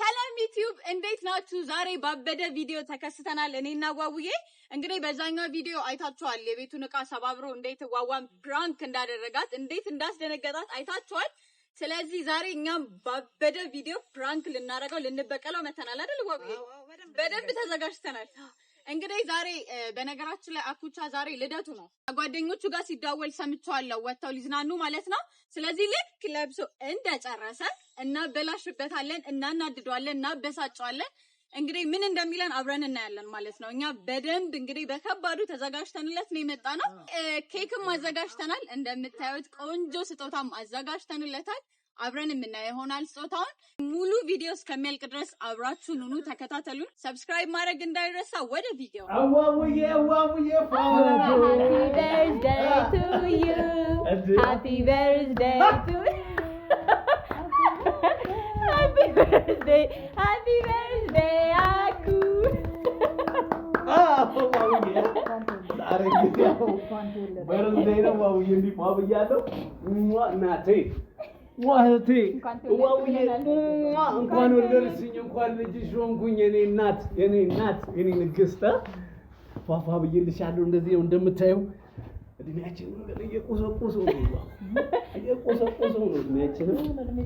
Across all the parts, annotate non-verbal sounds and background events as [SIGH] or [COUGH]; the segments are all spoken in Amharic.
ሰላም ዩቲዩብ እንዴት ናችሁ? ዛሬ ባበደ ቪዲዮ ተከስተናል። እኔ እና ዋውዬ እንግዲህ በዛኛው ቪዲዮ አይታችኋል። የቤቱን እቃ ሰባብሮ እንዴት ዋዋን ፕራንክ እንዳደረጋት እንዴት እንዳስደነገጣት አይታችኋል። ስለዚህ ዛሬ እኛም ባበደ ቪዲዮ ፕራንክ ልናደርገው ልንበቀለው መተናል አይደል? ዋውዬ በደንብ ተዘጋጅተናል። እንግዲህ ዛሬ በነገራችን ላይ አኩቻ ዛሬ ልደቱ ነው። ጓደኞቹ ጋር ሲዳወል ሰምቸዋለሁ ወጥተው ሊዝናኑ ማለት ነው። ስለዚህ ልክ ለብሶ እንደጨረሰ እናበላሽበታለን፣ እናናድደዋለን፣ እናበሳጨዋለን። እንግዲህ ምን እንደሚለን አብረን እናያለን ማለት ነው። እኛ በደንብ እንግዲህ በከባዱ ተዘጋጅተንለት ነው የመጣ ነው። ኬክም አዘጋጅተናል። እንደምታዩት ቆንጆ ስጦታም አዘጋጅተንለታል። አብረን የምናየው ይሆናል። ስጦታውን ሙሉ ቪዲዮ እስከሚያልቅ ድረስ አብራችሁን ሁኑ፣ ተከታተሉን። ሰብስክራይብ ማድረግ እንዳይረሳ። ወደ ቪዲዮ ዛሬ ነው ዋውዬ እንዲህ ዋብያለው እናቴ ዋህቴ ዋውዬ እንኳን ወለድሽኝ፣ እንኳን ልጅሽ ሆንኩኝ። የኔ እናት የኔ እናት የኔ ንግስት ፏፏ ብዬልሻለሁ። እንደዚህ ነው እንደምታየው እድሜያችን እየቆሰቆሰው ነው እየቆሰቆሰው ነው። እድሜያችን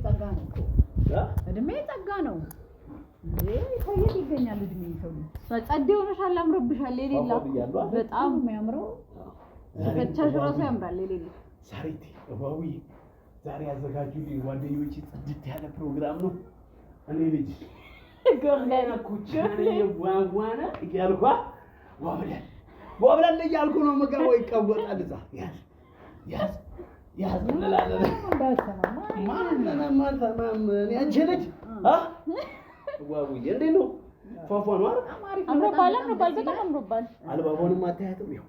ጸጋ ነው እድሜ ጸጋ ነው። ሰውዬት ይገኛል እድሜ ሰው ጸዴ ሆነሻል፣ አምሮብሻል። የሌላ በጣም የሚያምረው ከቻሽ ራሱ ያምራል። የሌላ ሳሪቴ ዋውዬ ዛሬ ያዘጋጁልኝ ጓደኞች ጽድት ያለ ፕሮግራም ነው። እኔ ልጅ ላይ እያልኳ እያልኩ ነው። ምግብ ይቀወጣል እዛ ያዝ ያዝ ያዝ እንላለን። ልጅ እንዴት ነው? ፏፏ ነው። አምሮባል አምሮባል፣ በጣም አምሮባል። አታያትም ይኸው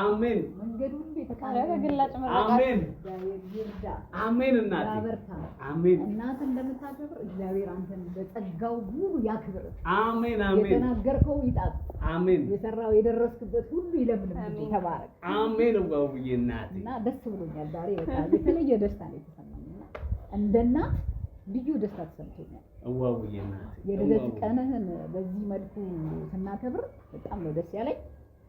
አሜን። አሜን። እናት አሜን። እናት እንደምታከብር እግዚአብሔር አንተን በጸጋው ሁሉ ያክብር። አሜን። አሜን። የተናገርከው ይጣጥ። አሜን። የሰራው የደረስክበት ሁሉ ይለምልም። ተባረክ። አሜን። ዋውዬ እናት እና ደስ ብሎኛል ዛሬ በጣም የተለየ ደስታ ነው የተሰማኝ እና እናት ልዩ ደስታ ተሰምቶኛል። ዋው እናት የልደት ቀንህን በዚህ መልኩ ስናከብር በጣም ነው ደስ ያለኝ።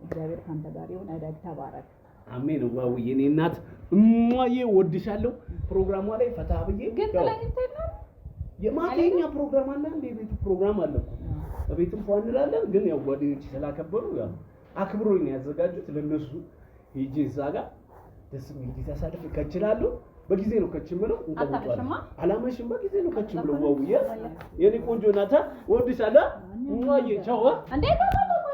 እግዚአብሔር ካንተ ጋር ይሁን። እደግ ተባረክ። አሜን። ዋው የኔ እናት እማዬ ወድሻለሁ። ፕሮግራሟ ላይ ፈታ ብዬ ግን ነው የማተኛ ፕሮግራም አለ እንዴ? ቤቱ ፕሮግራም አለ ቤትም ፏ እንላለን። ግን ያው ጓደኞች ስላከበሩ ያው አክብሮኝ ያዘጋጁት ለነሱ ሂጂ እዛ ጋር ደስ የሚል ጊዜ አሳልፍ ከችላለሁ። በጊዜ ነው ከች ምለው እንቀምጣለን። አላመሽም። በጊዜ ነው ከች ምለው ዋውዬ የኔ ቆንጆ ናታ ወድሻለሁ። ሙዋዬ ቻው እንዴ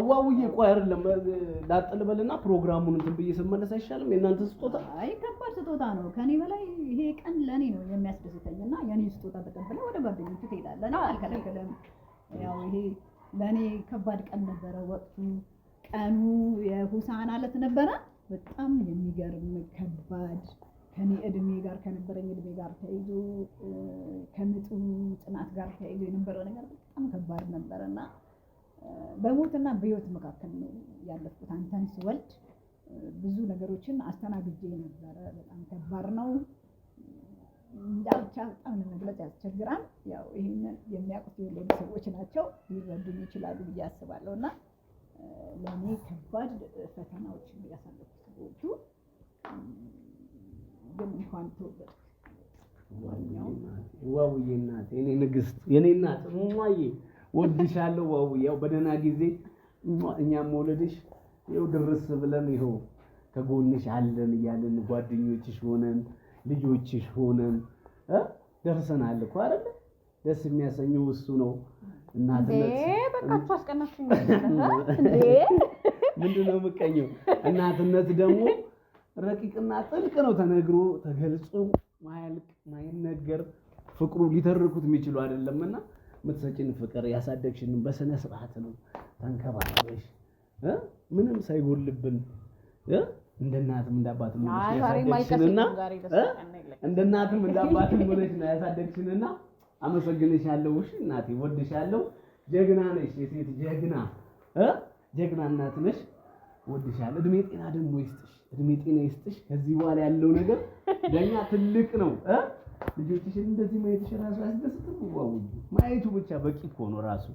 አዋውዬ ቆይ ላጠልበልና ፕሮግራሙን እንትን ብዬ ስመለስ አይሻልም? የእናንተ ስጦታ አይ ከባድ ስጦታ ነው። ከኔ በላይ ይሄ ቀን ለእኔ ነው የሚያስደስተኝ የሚያስደስተኝና የኔ ስጦታ ተቀብለ ወደ ጓደኞቹ ትሄዳለህ ነው አልከለከለም። ያው ይሄ ለእኔ ከባድ ቀን ነበረ። ወቅቱ ቀኑ የሁሳና ዕለት ነበረ። በጣም የሚገርም ከባድ ከኔ እድሜ ጋር ከነበረኝ እድሜ ጋር ተይዞ ከምጡ ጥናት ጋር ተይዞ የነበረው ነገር በጣም ከባድ ነበረና በሞትና በህይወት መካከል ነው ያለፍኩት። አንተን ስወልድ ብዙ ነገሮችን አስተናግጄ ነበረ። በጣም ከባድ ነው እንዳልቻ በጣም ለመግለጽ ያስቸግራል። ያው ይህንን የሚያውቁት የሌሉ ሰዎች ናቸው ሊረዱኝ ይችላሉ ብዬ አስባለሁ። እና ለእኔ ከባድ ፈተናዎች ያሳለፉት ሰዎቹ ግን እንኳን ተወለድኩ። ዋውዬ እናቴ፣ የኔ ንግስት፣ የኔ እናት ሙሟዬ ወድሻለሁ ዋው ያው በደህና ጊዜ እኛም መውለድሽ ይኸው ድርስ ብለን ይኸው ከጎንሽ አለን እያለን ጓደኞችሽ ሆነን ልጆችሽ ሆነን ደርሰናል እኮ አይደል? ደስ የሚያሰኘው እሱ ነው። እናትነት በቃ [LAUGHS] ምንድን ነው የምቀኘው? እናትነት ደግሞ ረቂቅና ጥልቅ ነው። ተነግሮ ተገልጾ ማያልቅ ማይነገር ፍቅሩ ሊተርኩት የሚችሉ አይደለምና የምትሰጪን ፍቅር ያሳደግሽን በስነ ስርዓት ነው ተንከባለሽ ምንም ሳይጎልብን እንደ እናትም እንደ አባትም እንደ እናትም እንደ አባትም ሆነሽ ነው ያሳደግሽንና አመሰግንሻለሁ። እሺ እናቴ ወድሻለሁ። ጀግና ነሽ፣ የሴት ጀግና ጀግና እናት ነሽ። ወድሻለሁ። እድሜ ጤና ደግሞ ይስጥሽ፣ እድሜ ጤና ይስጥሽ። ከዚህ በኋላ ያለው ነገር ለእኛ ትልቅ ነው። ልጆችሽን እንደዚህ ራሱ አስደስት ዋው፣ ማየቱ ብቻ በቂ እኮ ነው ራሱ።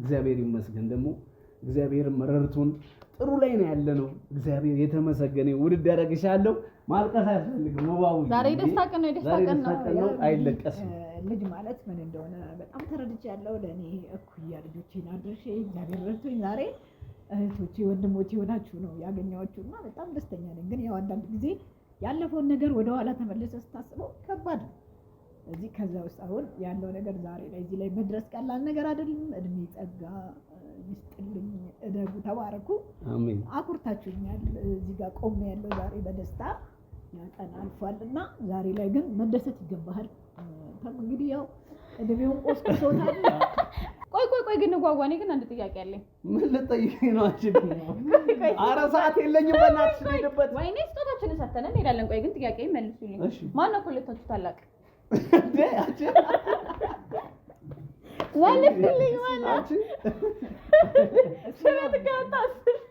እግዚአብሔር ይመስገን ደግሞ እግዚአብሔር መረርቱን ጥሩ ላይ ነው ያለ ነው። እግዚአብሔር የተመሰገነ ውድድ ያደረግሻለሁ። ማልቀስ አያስፈልግም። ዋው፣ ዛሬ ደስታ ቀን ነው፣ ደስታ ቀን ነው፣ አይለቀስም። ልጅ ማለት ምን እንደሆነ በጣም ተረድቻለሁ። ለእኔ እኩያ ልጆቼን አድርሼ እግዚአብሔር ረድቶኝ ዛሬ እህቶቼ ወንድሞቼ ሆናችሁ ነው ያገኘኋችሁ እና በጣም ደስተኛ ነኝ። ግን ያው አንዳንድ ጊዜ ያለፈውን ነገር ወደ ኋላ ተመለሰ ስታስበው ከባድ ነው። እዚህ ከዛ ውስጥ አሁን ያለው ነገር ዛሬ ላይ እዚህ ላይ መድረስ ቀላል ነገር አይደለም። እድሜ ጸጋ ይስጥልኝ፣ እደጉ፣ ተባረኩ። አኩርታችሁኛል። እዚህ ጋር ቆሜ ያለው ዛሬ በደስታ ያጠና አልፏል እና ዛሬ ላይ ግን መደሰት ይገባሃል። እንግዲህ ያው እድሜውን ቆስቁሶታል። ቆይ ቆይ ቆይ፣ ግን ጓጓ፣ እኔ ግን አንድ ጥያቄ አለኝ። ምን ልጠይቅ ነው? ኧረ [LAUGHS] ሰዓት የለኝም። በእናትሽ እንሂድበት። ወይኔ ስጦታችንን ሰተን እንሄዳለን። ቆይ ግን ጥያቄ መልሱልኝ። ማን ማነው ከሁለታችሁ ታላቅ? ወልድልኝ ማለት ስሜት ከወጣ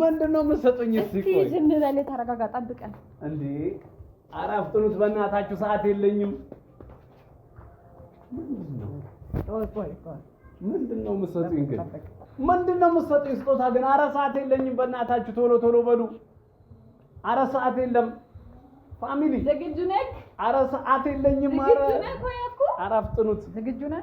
ምንድን ነው የምትሰጡኝ? እስኪ ዝም በል ተረጋጋ፣ ጠብቀን እንደ ኧረ አፍጥኑት በእናታችሁ ሰዓት የለኝም። ምንድን ነው የምትሰጡኝ ግን? ምንድን ነው የምትሰጡኝ ስጦታ ግን? ኧረ ሰዓት የለኝም በእናታችሁ ቶሎ ቶሎ በሉ። ኧረ ሰዓት የለም ፋሚሊ፣ ዝግጁ ነህ? ኧረ ሰዓት የለኝም። ኧረ አፍጥኑት። ዝግጁ ነህ?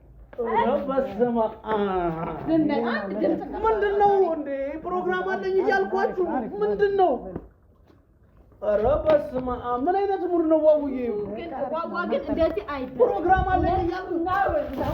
በስመ አብ ምንድን ነው እንዴ? ፕሮግራም አለኝ እያልኳችሁ ምንድን ነው? ኧረ በስመ አብ ምን አይነት ሙድ ነው? ዋውዬ ፕሮግራም አለኝ እያልኩ ምንድን ነው?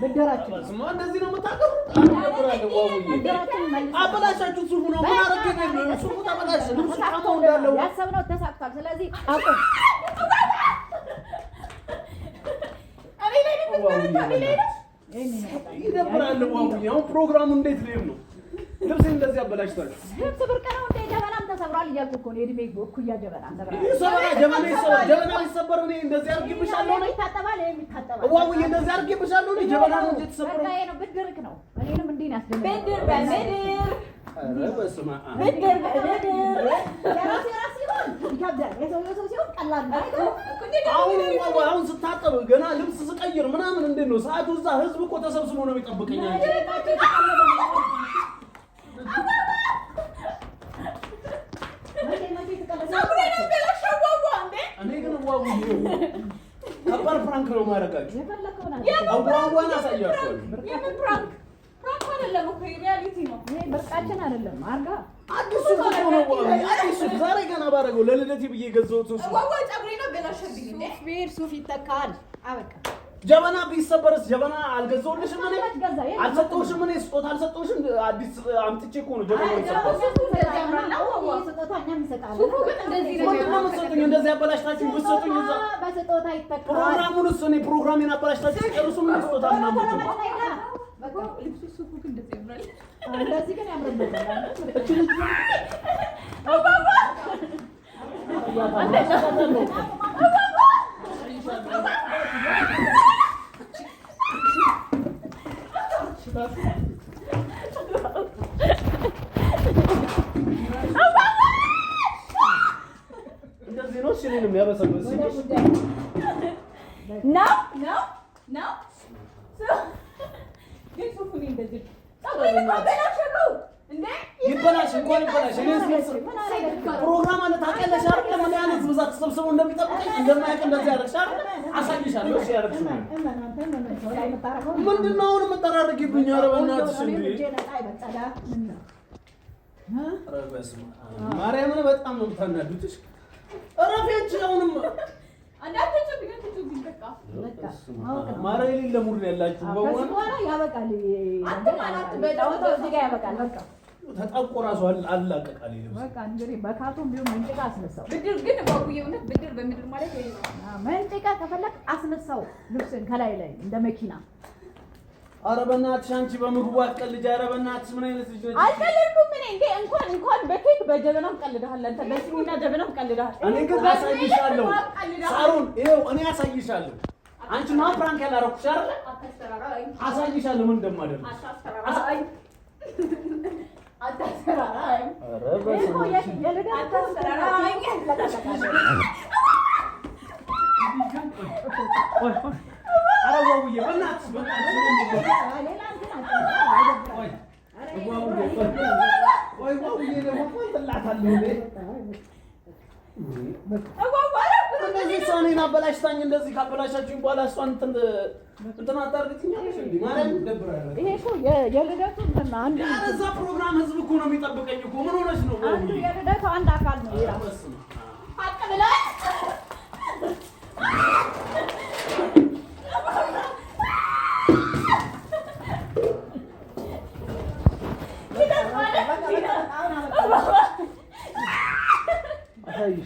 ብድራችን ስማ፣ እንደዚህ ነው ነው ያሰብነው ተሳክቷል። ስለዚህ አቁም። ይደብራል። ፕሮግራሙ እንዴት ሊሄድ ነው? ልብሴ እንደዚህ አበላሽታችሁ ተሰብሯል እያልኩ እኮ ነው። የእድሜ እኩያ ጀበና አሁን ስታጠብ ገና ልብስ ስቀይር ምናምን እንዴት ነው ሰዓቱ? እዛ ህዝብ እኮ ተሰብስቦ ነው የሚጠብቀኝ ፕራንክ ነው ማረጋችሁ። አንጓንጓን አሳያችኋል። የምን አይደለም ሪያሊቲ ነው። ይሄ አይደለም አርጋ ነው ነው ዛሬ ገና ባረገው ለልደቴ ብዬ ገዛሁት ሱፍ ይተካል። አበቃ ጀበና ቢሰበርስ? ጀበና አልገዛሁልሽም፣ እኔ አልሰጠሁሽም፣ እኔ ስጦታ አልሰጠሁሽም። አዲስ አምጥቼ እኮ ነው ጀበና እንደዚህ አበላሽታችሁ ብትሰጡኝ ፕሮግራሙን እኔ ፕሮግራሜን አበላሽታችሁ ጨርሱ። ምን ስጦታ ምናምን እንደዚህ ነው ሲሉን የሚያበሰበት ነው ነው ነው ይበላሽ እንኳን ይበላሽ። እኔ ፕሮግራም አለ ታውቂያለሽ አይደል? ምን ያህል ህዝብ እዛ እንደሚጠብቀኝ እንደማያውቅ እንደዚህ ያደርግሽ አይደል? አሳይሻለሁ። እሺ ያደርግሽ ምንድን ነው አሁን የምጠራርጊብኝ? ኧረ በእናትሽ ማርያምን በጣም ነው የምታናዱትሽ። እረፊ አሁንም ማረ የሌለ ሙድ ያላችሁ በኋላ ያበቃል። ተጣቆ ራሱ አላቀቃል። በቃ እንግዲህ በካቶም ቢሆን መንጭቃ አስነሳው። ብድር ግን ባቡዬ እውነት ብድር በምድር ማለት መንጭቃ ከፈለክ አስነሳው ልብስን ከላይ ላይ እንደ መኪና። ኧረ በእናትሽ አንቺ በምግቡ አትቀልጅ። ኧረ በእናትሽ ምን አይነት ልጅ አልቀልድኩም እኔ እንዴ እንኳን እንኳን በኬክ በጀበናም ቀልደሃል አንተ፣ በሲኒና ጀበናም ቀልደሃል። እኔ ግን አሳይሻለሁ፣ ሳሩን ይኸው እኔ አሳይሻለሁ። አንቺ ማ ያላረኩሽ አይደለ? አሳይሻለሁ ምን እንደማደርግ አታሰራራ እንደዚህ እሷ እኔን አበላሽታኝ እንደዚህ ካበላሻችሁኝ በኋላ እሷን እንትን አታርግትኛለሽ። እንደ ማለት ይሄ እኮ የልደቱ እንትን አንድ ፕሮግራም ህዝብ እኮ ነው የሚጠብቀኝ እኮ ምን ሆነሽ ነው? የልደቱ አንድ አካል ነው።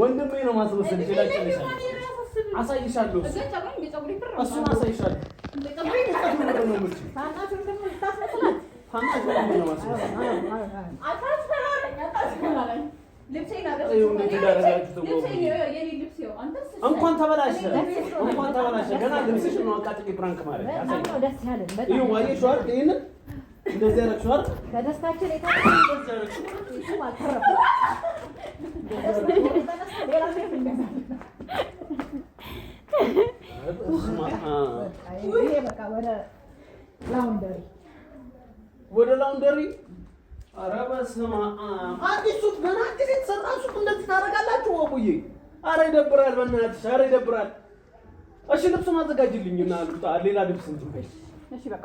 ወንድሜ ነው ማስመሰል ይችላል። አሳይሻለሁ፣ እሱን አሳይሻለሁ። እንኳን ተበላሸ እንኳን ተበላሸ። ገና ልብስሽ ነው አቃጥቂ ብራንክ ማለት ይሄንን እንደዚህ ያረግሽው አይደል? በደስታችን ወደ ላውንደሪ ኧረ በስመ አብ አዲስ ሱቅ ገና አዲስ የተሰራ ሱቅ እንደዚህ ታደርጋላችሁ? አቡዬ ኧረ ይደብራል፣ በእናትሽ ኧረ ይደብራል። እሺ ልብሱን አዘጋጅልኝና ሌላ ልብስ እንትን በይ። እሺ በቃ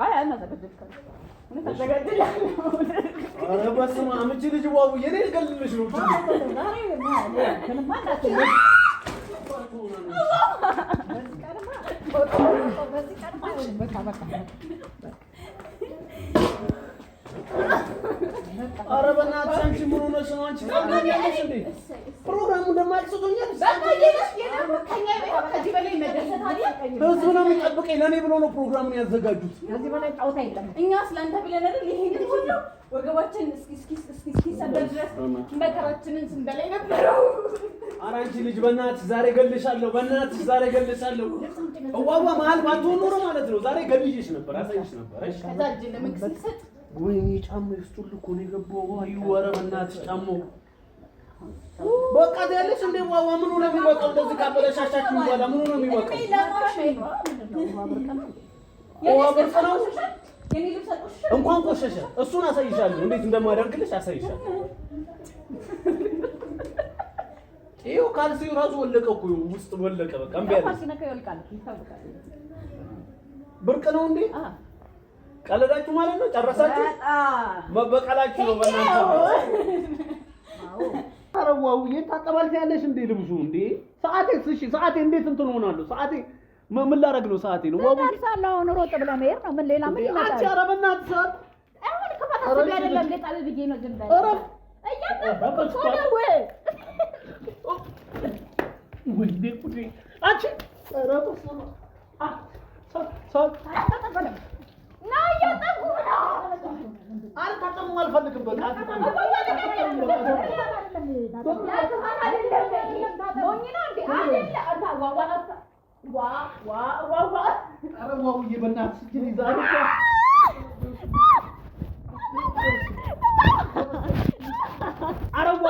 بس ما عم تجي جواب يا ريت قلل مشروب ኧረ በእናትሽ አንቺ ምን ሆነሽ ነው አንቺ ታዲያ ያለሽ እንዴ ህዝብ ነው የሚጠብቀኝ። ለእኔ ብሎ ነው ፕሮግራሙን ያዘጋጁት። እኛ ስለአንተ ብለን አይደል ይሄንን ሁሉ ወገባችን እስኪሰበር ድረስ መከራችንን ስንበላይ ነበር። ኧረ አንቺ ልጅ በእናትሽ ዛሬ ገልሻለሁ፣ በእናትሽ ዛሬ ገልሻለሁ። እዋዋ መሀል ባትሆን ኖሮ ማለት ነው ዛሬ ገልዬሽ ነበር፣ አሳይሽ ነበር። ከዛ እጅ ለመንግስት ሰጥ ወይኔ ጫማ ውስጥ እኮ ነው የገባው። አዩ ኧረ በእናትሽ ጫማው በቃ ትያለሽ እንደ ዋዋ ምኑ ነው የሚወጣው? እንደዚህ ካበለሻሻችሁ በኋላ ምኑ ነው የሚወጣው? እንኳን ቆሸሸ። እሱን አሳይሻለሁ፣ እንዴት እንደማደርግልሽ አሳይሻለሁ። ይኸው ካልሲ እራሱ ወለቀ እኮ ውስጥ ወለቀ። በቃ እምቢ አለሽ። ብርቅ ነው እንዴ? ቀለዳችሁ ማለት ነው? ጨረሳችሁ? መበቀላችሁ ነው በእናንተ አረዋው የታቀባልት ያለሽ እንዴ ልብሱ እንዴ ሰዓቴ እሺ ሰዓቴ እንዴት እንትን ሆናለሁ ሰዓቴ ምን ላደርግ ነው ሰዓቴ ነው ዋው ሳለ አሁን ሮጥ ብለህ መሄድ ነው ምን ሌላ ምን ይመጣል አንቺ ኧረ በእናትሽ ሰዓት አሁን ከፋታ ስለያ አይደለም ብዬ ነው ዝም በል ኧረ እያጠብኩሽ ወደ ወይ ወይኔ ጉዴ አንቺ ኧረ በስመ አብ ሰዓት ሰዓት አልታጠሙ አልፈልግም። በቃ አረዋው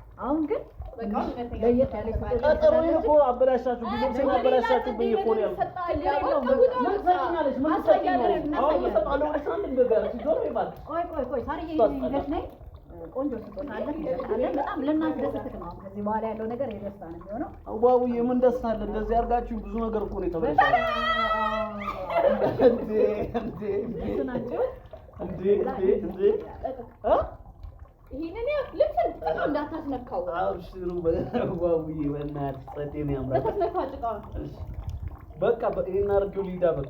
አሁን ግን ቀጠሮዬ እኮ አበላሻችሁ፣ ጊዜም አበላሻችሁብኝ እኮ ነው ያልኩት። ቆንጆ ስጦታ አለ በጣም ለእናንተ ደስተክ ነው። ከዚህ በኋላ ያለው ነገር የደስታ ነው የሚሆነው። አዋውዬ ምን ደስታ አለ? እንደዚህ አድርጋችሁ ብዙ ነገር እኮ ነው የተበላሸው። ይሄንን ልብስን ጥሎ እንዳታስነካው። አብሽሩ በናት ጸጤን ያምራል። በቃ ይሄን አድርጊው ሊዳ በቃ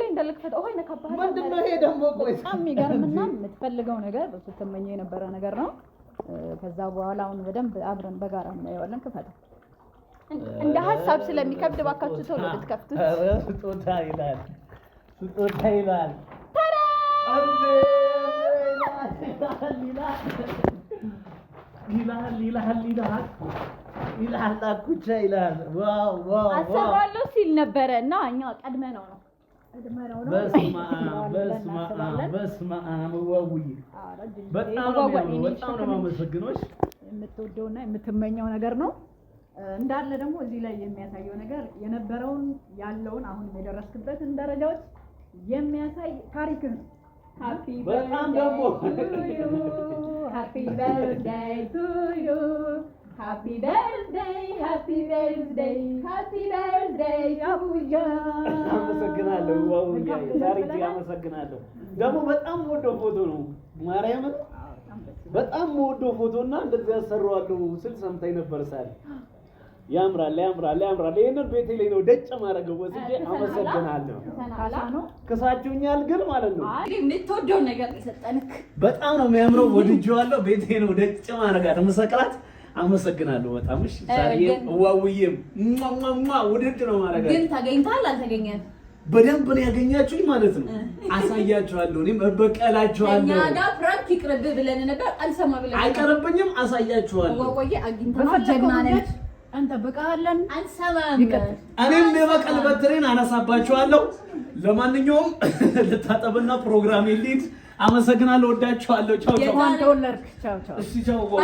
ልክፈት። ኦይ ነካባህ። ምንድነው ይሄ ደግሞ? በጣም የሚገርምና የምትፈልገው ነገር ስትመኘ የነበረ ነገር ነው። ከዛ በኋላ አሁን በደንብ አብረን በጋራ እናየዋለን። ክፈተው። እንደ ሀሳብ ስለሚከብድ ባካችሁ ሰው ልትከፍቱት። ስጦታ ይላል፣ ስጦታ ይላል፣ ይላል፣ ይላል፣ ይላል ይላል፣ ይላል ይላል። ይላል ይላል ይላል ይላል ይላል ይላል ይላል በስመ የምትወደውና የምትመኘው ነገር ነው እንዳለ ደግሞ እዚህ ላይ የሚያሳየው ነገር የነበረውን ያለውን አሁንም የደረስክበትን ደረጃዎች የሚያሳይ ታሪክ ነው። በጣም ደግሞ Happy birthday, happy birthday, happy birthday አቡያ። አመሰግናለሁ ዋው እንግዲህ ዛሬ እጅግ አመሰግናለሁ። ደግሞ በጣም ወደው ፎቶ ነው ማርያምን በጣም ወደው ፎቶና እንደዚህ ያሰራዋለሁ ስል ሰምታይ ነበር ሳል ያምራል ያምራል ያምራል። ይሄንን ቤቴ ላይ ነው ደጭ ማድረገው ወስጄ አመሰግናለሁ። ክሳችሁኛል ግን ማለት ነው። የምትወደውን ነገር የሰጠንክ በጣም ነው የሚያምረው። ወድጄዋለሁ። ቤቴ ነው ደጭ ማድረጋት መሰቅላት አመሰግናለሁ በጣም እሺ። ዛሬ እዋውዬም ማማማ ውድድ ነው ማረጋ ግን ታገኝታል አልተገኘም። በደንብ ነው ያገኛችሁኝ ማለት ነው። አሳያችኋለሁ፣ እኔም እበቀላችኋለሁ። እኛ ጋር ፍራንክ ይቅርብ ብለን ነበር፣ አልሰማ ብለን አይቀርብኝም። አሳያችኋለሁ። ወቆየ አግኝተናል። ጀግና ነች። እንጠብቅሃለን። አልሰማም። እኔም የበቀል በትሬን አነሳባችኋለሁ። ለማንኛውም [LAUGHS] ልታጠብና ፕሮግራም ሊድ አመሰግናለሁ። ወዳችኋለሁ። ቻው ቻው። እንኳን ተወለድክ። ቻው ቻው ቻው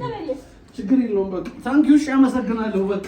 ቻው። ችግር የለውም። በቃ ታንኪዩ። እሺ፣ አመሰግናለሁ። በቃ